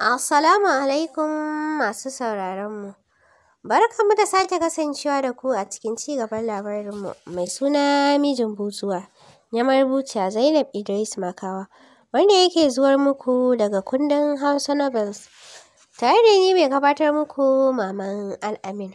Assalamu alaikum masu sauraronmu. Barkanmu da sake kasancewa da ku a cikin ci gaban labarinmu mai suna mijin butuwa nyamar marubuciya Zainab Idris Makawa wanda yake zuwar muku daga kundin Hausa Nobels. Tare da ni mai gabatar muku Maman Al'amin.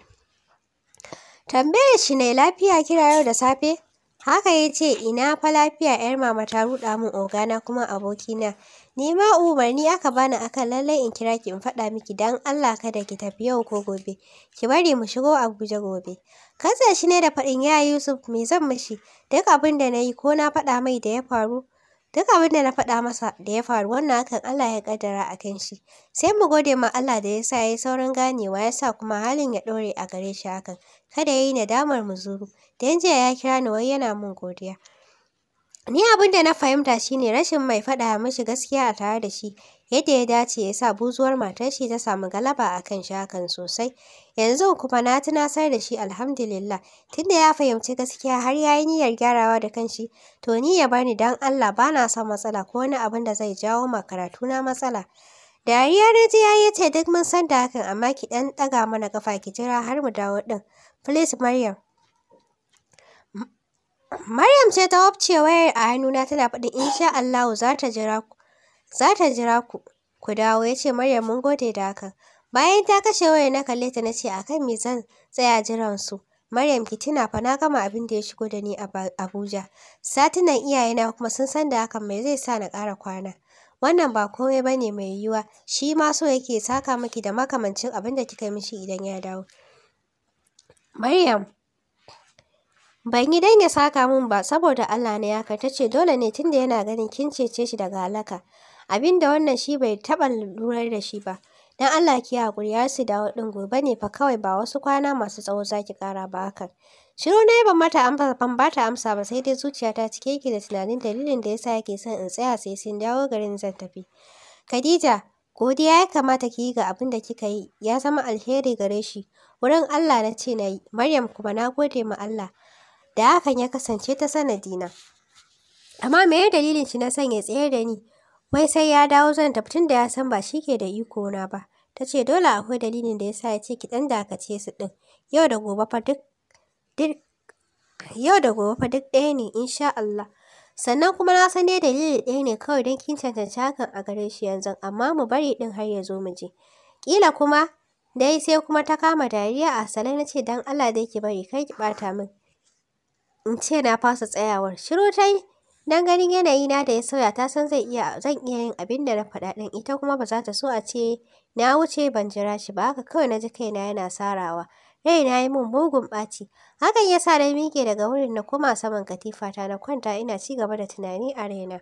Tambayar shi ne lafiya kira yau da safe? Haka ya ce ina fa lafiya 'yar mama ta ruɗa min ogana kuma abokina. Ni ma umarni aka bani akan lallai in kira ki in faɗa miki dan Allah kada ki tafi yau ko gobe. Ki bari mu shigo Abuja gobe. kaza shi ne da faɗin ya Yusuf me zan mishi duk abin da na yi ko na faɗa mai da ya faru. Duk abin da na faɗa masa da ya faru wannan hakan Allah ya kaddara a kan shi. Sai mu gode ma Allah da ya sa ya yi ganewa ya sa kuma halin ya ɗore a gare shi hakan. kada ya yi nadamar muzuru dan jiya ya kira ni wai yana min godiya ni abin da na fahimta shine rashin mai faɗa mishi gaskiya a tare da shi yadda ya dace ya sa buzuwar matar shi ta samu galaba a kan shakan sosai yanzu kuma na tunasar da shi alhamdulillah tunda ya fahimci gaskiya har ya yi niyyar gyarawa da kan shi to ni ya bani dan Allah bana son matsala ko wani abin da zai jawo ma karatuna matsala dariya na ji ya ce duk mun san da hakan amma ki ɗan ɗaga mana kafa ki jira har mu dawo din Please Maryam. Maryam ce ta wabce wayar a hannuna tana faɗin insha Allahu za ta jira ku. Za ta jira ku. Ku dawo ya ce Maryam mun gode da hakan. Bayan ta kashe wayar na kalle ta na ce a kan me zan tsaya jiran su. Maryam ki tuna fa na gama abin da ya shigo da ni a Abuja. iyaye na kuma sun san da hakan mai zai sa na ƙara kwana. Wannan ba komai ba ne mai yiwuwa, shi ma so yake saka miki da makamancin abin da kika mishi idan ya dawo. Maryam, ban yi dan ya saka min ba saboda Allah na yaka ta ce dole ne tunda yana ganin kin cece shi daga halaka. Abinda wannan shi bai taɓa lurar da shi ba. Dan Allah ki haƙuri ya su dawo ɗin gobe ne fa kawai ba wasu kwana masu tsawo za ki ƙara ba hakan. Shiru na ban mata amsa ba ta amsa ba sai dai zuciyata cike yake da tunanin dalilin da yasa yake son in tsaya sai sun dawo garin zan tafi. Khadija, Godiya ya kamata ki yi ga abin da kika yi, ya zama alheri gare shi. Wurin Allah na ce na yi, Maryam kuma na gode ma Allah da hakan ya kasance ta sanadina. Amma me ya dalilin shi na son ya tsayar da ni? Wai sai ya dawo zan tafi tun da ya san ba shi ke da iko na ba. Ta ce dole akwai dalilin da ya sa ya ce ki ɗan dakace su ɗin. Yau da gobe fa duk yau da gobe fa duk ɗaya ne insha Allah. sannan kuma na san dai dalili ɗaya ne kawai don kin cancanci hakan a gare shi yanzu amma mu bari ɗin har ya zo mu je ƙila kuma dai sai kuma ta kama dariya a salai na ce don Allah dai ki bari kar ki ɓata min in ce na fasa tsayawar shiru ta yi don ganin yanayi na da ya sauya ta san zai iya zan iya yin abin da na faɗa ɗin ita kuma ba za ta so a ce na wuce ban jira shi ba haka kawai na ji kaina yana sarawa raina ya mun mugun ɓaci hakan ya sa na miƙe daga wurin na koma saman katifata na kwanta ina ci gaba da tunani a raina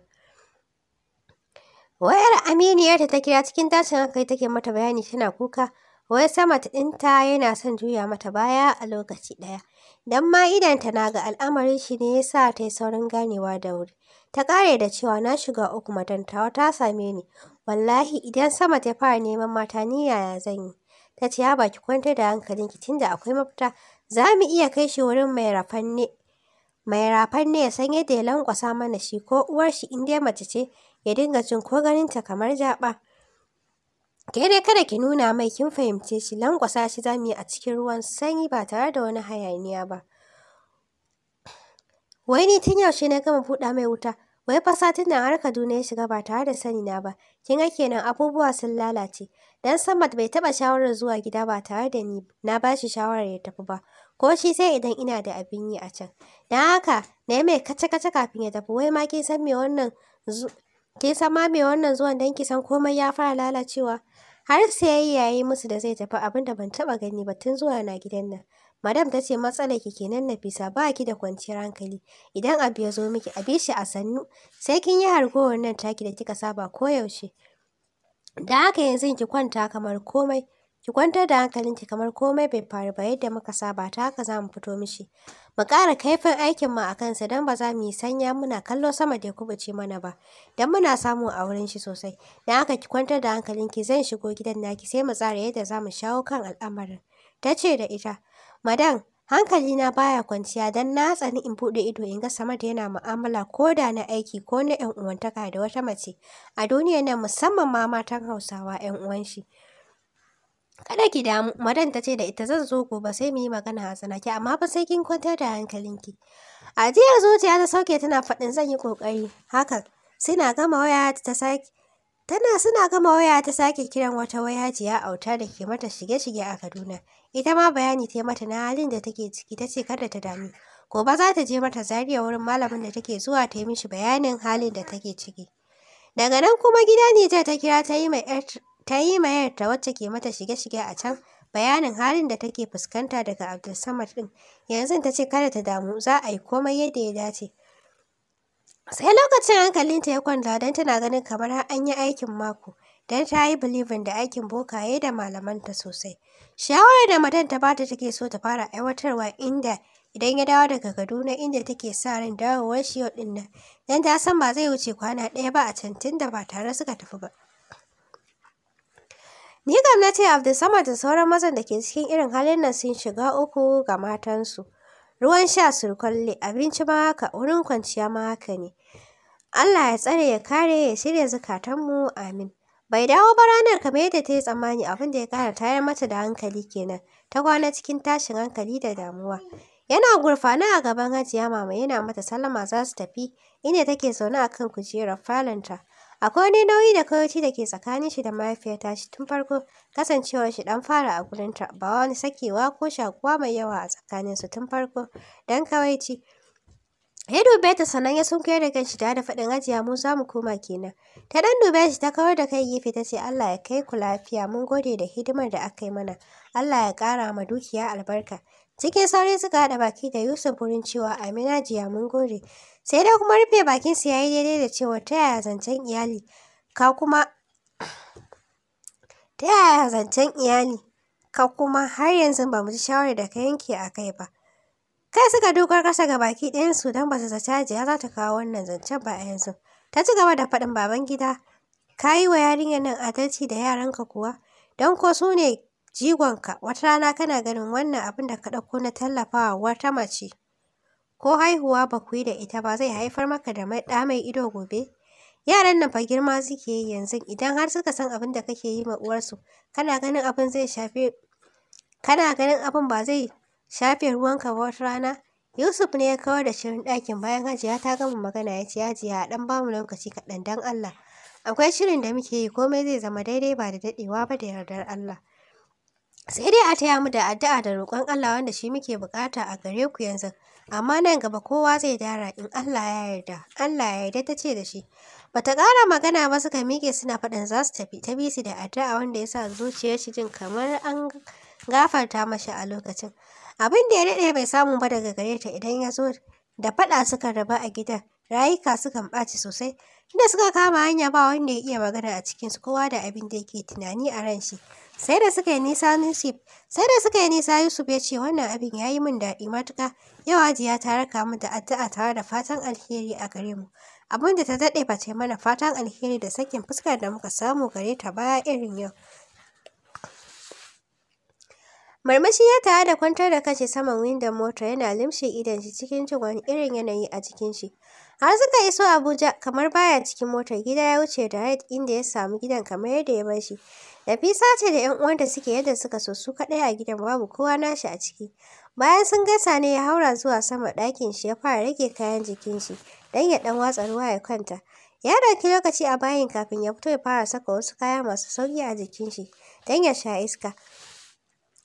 wayar aminiyar ta ta kira cikin tashin hankali take mata bayani tana kuka wai sama ɗinta yana son juya mata baya a lokaci ɗaya don ma idanta na ga al'amarin shi ne ya sa ta yi saurin ganewa da wuri ta ƙare da cewa na shiga uku madantawa ta same ni wallahi idan sama ta fara neman mata ni yaya zan yi ta ce ya baki kwantar da hankalinki tunda akwai mafita za mu iya kai shi wurin mai rafanne mai rafanne ya san yadda ya lankwasa mana shi ko uwar shi in dai mace ce ya dinga jin ko ta kamar jaba ke dai kada ki nuna mai kin fahimce shi lankwasa shi za mu yi a cikin ruwan sanyi ba tare da wani hayaniya ba wai ni tun yaushe na gama buɗa mai wuta Wai fa satin nan har Kaduna ya shiga ba tare da sani na ba. Kin ga kenan abubuwa sun lalace. Dan Samad bai taba shawarar zuwa gida ba tare da ni na ba shi shawarar ya tafi ba. Ko shi sai idan ina da abin yi a can. Dan haka na yi mai kace-kace kafin ya tafi. Wai ma kin san me wannan kin san ma me wannan zuwan dan ki san komai ya fara lalacewa. Har sai yayi musu da zai tafi abin da ban taba gani ba tun zuwa na gidan nan. Madam ta ce matsalar ki kenan Nafisa ba ki da kwanciyar hankali. Idan abu ya zo miki a shi a sannu sai kin yi harkowar nan taki da kika saba ko yaushe Da haka yanzu ki kwanta kamar komai. Ki kwantar da hankalinki kamar komai bai faru ba yadda muka saba ta haka za mu fito mishi. Mu ƙara kaifin aikin mu a kansa don ba za mu yi sanya muna kallo sama da kubuce mana ba. Don muna samu a wurin shi sosai. Don haka ki kwantar da hankalinki zan shigo gidan naki sai mu tsara yadda za mu shawo kan al'amarin. Ta ce da ita, Madan, hankalina baya kwanciya don na tsani in buɗe ido in ga sama da yana mu'amala ko da na aiki ko na 'yan uwantaka da wata mace a duniyar nan musamman ma matan Hausawa 'yan uwan shi. kada ki damu madan ta ce da ita zan zo gobe sai mu yi magana a tsanaki, amma ba sai kin kwantar da hankalinki A ajiyar zuciya ta sauke tana faɗin zan yi ƙoƙari hakan sai gama waya ta sake Tana suna gama waya ta sake kiran wata wai hajiya auta da ke mata shige-shige a Kaduna. Ita ma bayani ta mata na halin da take ciki ta ce kada ta damu. Gobe za ta je mata zariya wurin malamin da take zuwa ta yi mishi bayanin halin da take ciki. Daga nan kuma gida Nijar ta kira ta yi ma yarta wacce ke mata shige-shige a can bayanin halin da take fuskanta daga Abdulsamad din. Yanzu ta ce kada ta damu za a yi komai yadda ya dace. sai lokacin hankalinta ya kwanta don tana ganin kamar an yi aikin mako don ta yi bilibin da aikin bokaye da malamanta sosai shawarar da madan ta bata take so ta fara aiwatarwa inda idan ya dawo daga kaduna inda take sa ran dawowar shi yau dinnan, nan don ta san ba zai wuce kwana ɗaya ba a can da ba tare suka tafi ba ni gwamnati na ce abdulsamad da sauran mazan da ke cikin irin halin nan sun shiga uku ga matansu ruwan sha surkwalle abinci ma haka wurin kwanciya ma haka ne Allah ya tsare ya kare ya shirya zukatanmu amin bai dawo ba ranar kamar yadda ta yi tsammani abin da ya kara tayar mata da hankali kenan ta kwana cikin tashin hankali da damuwa yana gurfana a gaban hajiya mama yana mata sallama za su tafi inda take zaune a kan kujerar falonta Akwai wani nauyi da kawaici da ke tsakanin shi da mahaifiyarta shi tun farko kasancewar shi dan fara a gurinta ba wani sakewa ko shakuwa mai yawa a tsakanin su tun farko dan kawaici. Ya dube ta sannan ya sunkuya da kanshi tare da faɗin ajiya mu za mu koma kenan. Ta dan dube shi ta kawar da kai gefe ta ce Allah ya kai ku lafiya mun gode da hidimar da aka yi mana. Allah ya kara ma dukiya albarka. Cikin sauri suka haɗa baki da Yusuf wurin cewa Amina jiya mun gode. Sai dai kuma rufe bakinsu ya yi daidai da cewa ta yaya zancen iyali ka kuma ta yaya zancen iyali ka kuma har yanzu ba mu ji shawarar da ka yanke a kai ba. Kai suka dokar kasa ga baki ɗayansu don ba su zata jiya za ta kawo wannan zancen ba a yanzu. Ta ci gaba da faɗin baban gida, ka yi wa yarinyar nan adalci da yaranka kuwa, don ko su ne jigonka wata rana kana ganin wannan abin da ka ɗauko na tallafawa wata mace ko haihuwa ba ku yi da ita ba zai haifar maka da ɗa mai ido gobe yaran nan fa girma suke yi yanzu idan har suka san abin da kake yi ma uwarsu kana ganin abin zai shafe kana ganin abin ba zai shafe ruwanka ba wata rana Yusuf ne ya kawar da shirin ɗakin bayan Hajiya ta gama magana ya ce Hajiya a ɗan bamu lokaci kaɗan don Allah. Akwai shirin da muke yi komai zai zama daidai ba da daɗewa ba da yardar Allah. sai dai a taya mu da addu'a da roƙon Allah wanda shi muke bukata a gare ku yanzu amma nan gaba kowa zai dara in Allah ya yarda Allah ya yarda ta ce da shi bata ƙara magana ba suka miƙe suna faɗan za su tafi ta bisu da addu'a wanda ya sa zuciyar shi jin kamar an gafarta mashi a lokacin abin da ya daɗe bai samu ba daga gare ta idan ya zo da faɗa suka raba a gidan rayuka sukan ɓaci sosai Inda suka kama hanya ba wanda ya iya magana a cikinsu kowa da abin da yake tunani a ran shi. Sai da suka yi nisa Yusuf, sai da suka yi nisa Yusuf ya ce wannan abin ya yi min daɗi matuƙa. Yau ajiya ta raka mu da addu'a tare da fatan alheri a gare mu. Abin da ta daɗe ba ce mana fatan alheri da sakin fuskar da muka samu gare ta baya irin yau. Marmashi ya tare da kwantar da kashe saman windon mota yana limshe idon shi cikin jin wani irin yanayi a cikin shi. Har suka iso Abuja kamar baya cikin motar gida ya wuce da direct inda ya samu gidan kamar yadda ya bar shi. Nafisa ce da ‘yan uwanta suke yadda suka so su kaɗai a gidan babu kowa nashi a ciki. Bayan sun gasa ne ya haura zuwa sama ɗakin shi ya fara rage kayan jikin shi don ya ɗan watsa ruwa ya kwanta. Ya ɗauki lokaci a bayin kafin ya fito ya fara saka wasu kaya masu sauƙi a jikin shi don ya sha iska.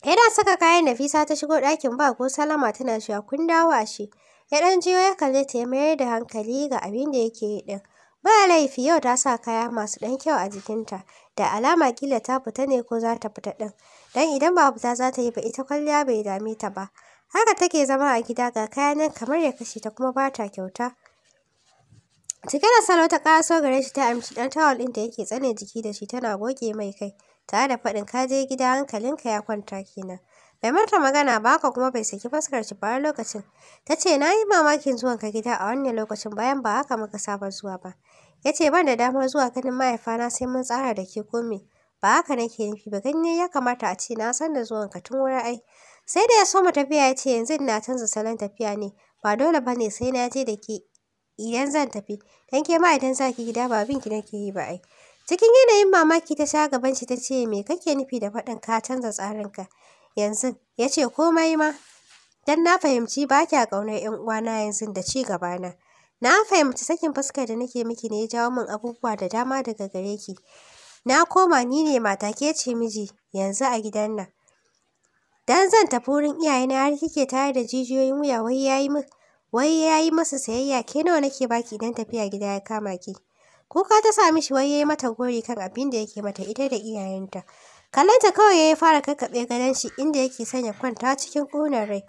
Yana saka kayan Nafisa ta shigo ɗakin ba ko Salama tana a kun dawo shi Ya ɗan jiyo ya kalli ta ya mayar da hankali ga abin da yake yi ɗin. Ba laifi yau ta sa kaya masu ɗan kyau a jikinta, da alama kila ta fita ne ko za ta fita ɗin. Dan idan ba fita za ta yi ba ita kwalliya bai dame ta ba. Haka take zama a gida ga kaya nan kamar ya kashe ta kuma ba ta kyauta. Cike da salo ta ƙaso gare shi ta amshi ɗan tawal ɗin da yake tsane jiki da shi tana goge mai kai. Tare da faɗin ka je gida hankalinka ya kwanta kenan. Bai mata magana ba haka kuma bai saki fuskar shi ba lokacin. Ta ce na yi mamakin zuwan ka gida a wannan lokacin bayan ba haka muka saba zuwa ba. Ya ce ban da damar zuwa ganin mahaifana sai mun tsara da ke komai. Ba haka nake nufi ba ganye ya kamata a ce na san da zuwanka tun wurin ai. Sai da ya so mu tafiya ya ce yanzu na canza salon tafiya ne ba dole ba ne sai na je da ke idan zan tafi. Dan ke ma idan za ki gida ba bin ki nake yi ba ai. Cikin yanayin mamaki ta sha gaban shi ta ce me kake nufi da faɗin ka canza tsarinka? yanzu ya ce komai ma don na fahimci ba kya ƙaunar 'yan uwana yanzu da ci gabana na fahimci sakin fuskar da nake miki ne ya jawo min abubuwa da dama daga gare ki na koma ni ne mata ke ce miji yanzu a gidan nan dan zan tafi wurin iyayena har kike tare da jijiyoyin wuya wai yayi mu wai yayi masa sayayya ke nawa nake baki idan tafiya gida ya kama ki kuka ta sa mishi wai yayi mata gori kan abin da yake mata ita da iyayenta Kalanta kawai ya fara kakkaɓe gadon shi inda yake sanya kwanta cikin ƙunar rai.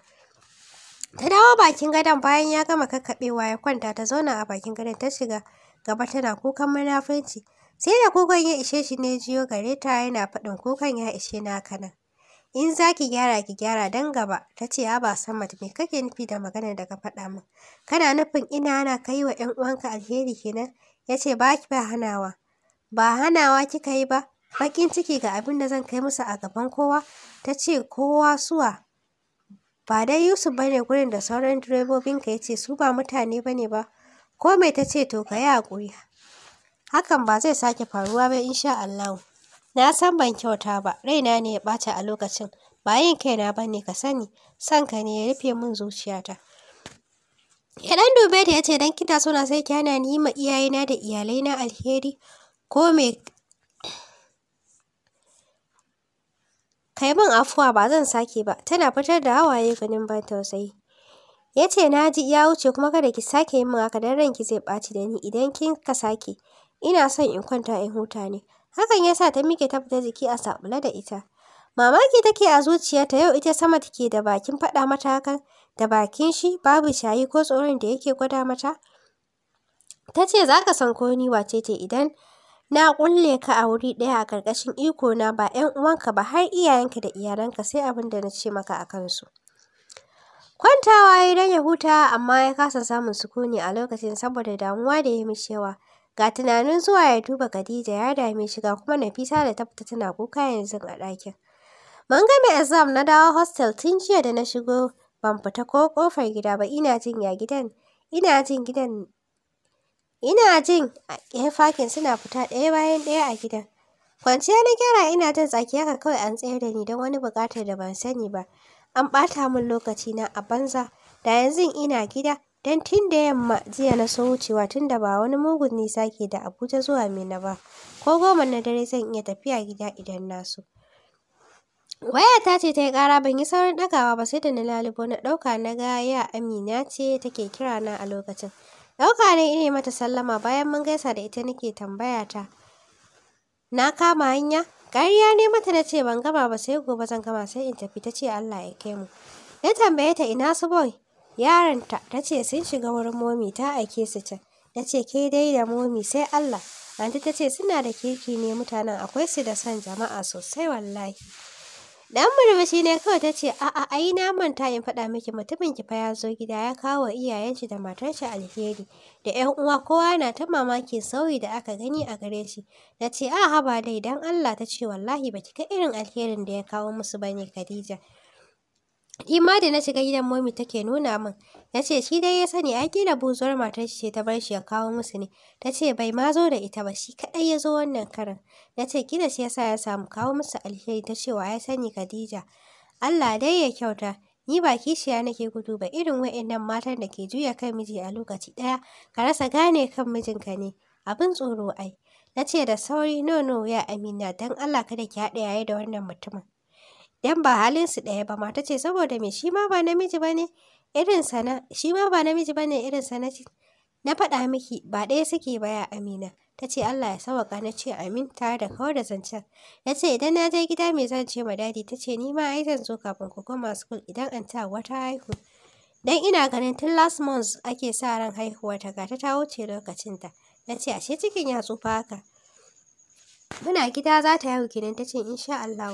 Ta dawo bakin gadon bayan ya gama kakkaɓewa ya kwanta ta zauna a bakin gadon ta shiga gaba tana kukan munafunci. Sai da kukan ya ishe shi ne jiyo gare ta yana faɗin kukan ya ishe na nan In za ki gyara ki gyara dan gaba ta ce ba Samad me kake nufi da maganar da ka faɗa min. Kana nufin ina ana kai wa ‘yan uwanka alheri kenan ya ce ba ki ba hanawa. Ba hanawa kika yi ba Bakin ciki ga abin da zan kai musu a gaban kowa ta ce kowa suwa ba dai yusuf ba ne gurin da sauran direbobinka ya ce su ba mutane ba ne ba ko mai ta ce to ka yi haƙuri hakan ba zai sake faruwa ba insha Allah na san ban kyauta ba raina ne ya ɓata a lokacin ba yin kaina ba ne ka sani san ka ne ya rufe min zuciyata ya ɗan dube da ya ce dan kina so na sai kiyana ni ma iyayena da iyalaina alheri ko mai Kai min afuwa ba zan sake ba, tana fitar da hawaye ganin ban tausayi. Ya ce na ji ya wuce kuma kada ki sake yin min haka don ranki zai baci da ni idan kin ka sake. Ina son in kwanta in huta ne. Hakan ya sa ta miƙe ta fita jiki a sabula da ita. Mamaki take a zuciya ta yau ita sama take da bakin faɗa mata hakan da bakin shi babu shayi ko tsoron da yake gwada mata. Ta ce za ka san ko ni wace ce idan Na kulle ka a wuri ɗaya a ƙarƙashin ikona ba 'yan uwanka ba har iyayenka da iyalanka sai abin da na ce maka a kansu. Kwantawa ya don ya huta amma ya kasa samun sukuni a lokacin saboda damuwa da ya mi cewa, Ga tunanin zuwa ya duba Khadija ya dame shiga ga kuma Nafisa da tafta tana kuka yanzu a ɗakin. Mun gama exam na dawo hostel tun jiya da na shigo ban fita ko ƙofar gida ba ina jin ya gidan ina jin gidan Ina jin ya eh, fakin suna fita ɗaya bayan ɗaya a gidan. Kwanciya na gyara ina jin tsaki haka kawai an tsayar da ni don wani buƙatar da ban sani ba. An ɓata min lokacina a banza da yanzu ina gida don tun da yamma jiya na so wucewa tun da ba wani mugun nisa ke da Abuja zuwa Mina ba. Ko goma na dare zan iya tafiya gida idan na so. ta ce ta yi ƙara ban yi saurin ɗagawa ba sai da na lalubo na ɗauka na ga ya Amina ce take kirana a lokacin. Ɗauka ne ina mata sallama bayan mun gaisa da ita nake tambaya ta. Na kama hanya? Ƙarya ne mata na ce ban gama ba sai gobe zan gama sai in tafi ta ce Allah ya kai mu. Na tambaye ta ina su boy? yaranta ta ce sun shiga wurin momi ta aike su can. Na ce ke dai da momi sai Allah. Anti ta ce suna da kirki ne mutanen akwai su da son jama'a sosai wallahi. Dan murmushi ne kawai ta ce, "A'a, ai na manta in faɗa miki mutumin ki fa ya zo gida ya kawo iyayen shi da matar shi alheri da ƴan uwa kowa na ta mamakin sauyi da aka gani a gare shi." Na ce, "A haba dai dan Allah ta ce wallahi baki ka irin alherin da ya kawo musu bane Khadija." Ima da na shiga gidan momi take nuna min. Na ce shi dai ya sani a kila buzuwar matar shi ce ta bar shi ya kawo musu ne. Ta ce bai ma zo da ita ba shi kaɗai ya zo wannan karin. Na ce kila shi yasa ya samu kawo musu alheri ta cewa ya sani Khadija. Allah dai ya kyauta. Ni ba kishiya nake gudu ba irin wa'innan matan da ke juya kan miji a lokaci ɗaya ka rasa gane kan mijinka ne. Abin tsoro ai. Na ce da sauri no ya amina don Allah kada ki haɗa yayi da wannan mutumin. Dan ba halin su ɗaya ba mata ce saboda me shi ma ba namiji bane ne irinsa na shi ma ba namiji bane irin na na faɗa miki ba ɗaya suke ba ya amina. ta ce Allah ya sawaka na ce amin tare da kawar da zancen ya ce idan na je gida me zan ce ma dadi ta ce ni ma ai zan zo kafin ku koma school idan an ta wata haihu dan ina ganin tun last month ake sa ran haihuwa ta ga ta wuce lokacinta na ce ashe cikin ya tsufa haka muna gida za ta haihu kenan ta ce insha Allah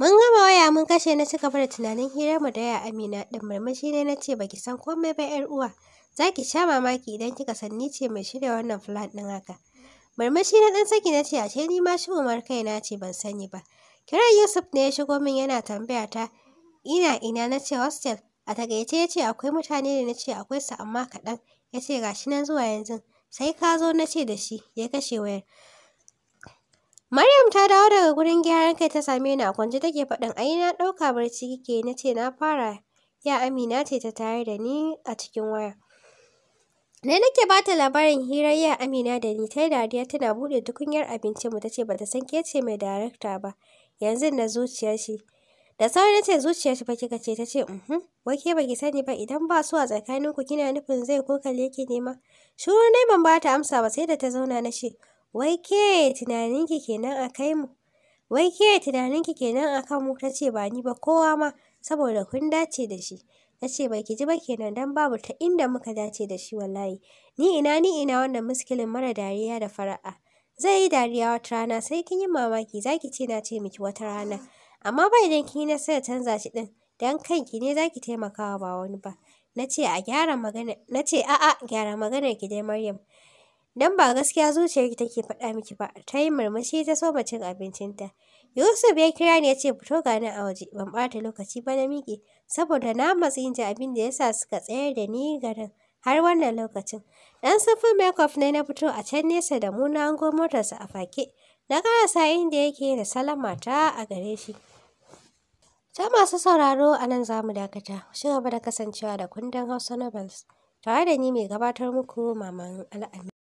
Mun gama waya mun kashe na cigaba da tunanin mu da ya Amina ɗin murmushi ne na ce baki san komai ba ‘yar uwa. Za ki sha mamaki idan kika san ni ce mai shirya wannan flat ɗin haka. Murmushi na ɗan saki na ce a ce ni ma shi umar na ce ban sani ba. Kiran Yusuf ne ya shigo min yana tambaya ta ina ina na ce hostel. A takaice ya ce akwai mutane da na ce akwai su amma kaɗan. Ya ce gashi nan zuwa yanzu. Sai ka zo na ce da shi ya kashe wayar. Maryam ta dawo daga gurin gyaran kai ta same ni a kwance take faɗin ai na ɗauka barci kike na ce na fara ya Amina ce ta tare da ni a cikin waya. Ne nake ba ta labarin hira ya Amina da ni ta dariya tana buɗe tukunyar abincin mu tace bata san ke ce mai darakta ba yanzu na zuciyar shi. Da sauri na ce zuciyar shi ba kika ce ta ce mhm wai ke baki sani ba idan ba su a tsakaninku kina nufin zai ko kalle ki nema. Shuru ne ban ba ta amsa ba sai da ta zauna na ce Wai ke tunaninki kenan a kai mu? Wai ke tunaninki kenan a kan mu? Ta ce ba ni ba kowa ma saboda kun dace da shi. Na ce bai ki ji ba kenan dan babu ta inda muka dace da shi wallahi. Ni ina ni ina wannan muskilin mara dariya da fara'a. Zai yi dariya wata rana sai kin yi mamaki za ki ce na ce miki wata rana. Amma ba idan kin yi nasarar canza shi ɗin dan ki ne za ki taimakawa ba wani ba. Na ce a gyara magana na ce a'a gyara maganar ki dai Maryam. don ba gaskiya zuciyarki take faɗa miki ba ta yi murmushi ta so cin abincinta yusuf ya kira ni ya ce fito ga nan a waje ban ɓata lokaci ba na miƙe saboda na matsi ji abin da yasa suka tsayar da ni garin har wannan lokacin ɗan sufin makeup ne na fito a can nesa da mu na ango motarsa a fake na karasa inda yake da salama ta a gare shi ta masu sauraro a nan za mu dakata shi gaba da kasancewa da kundin hausa novels tare da ni mai gabatar muku maman al'ami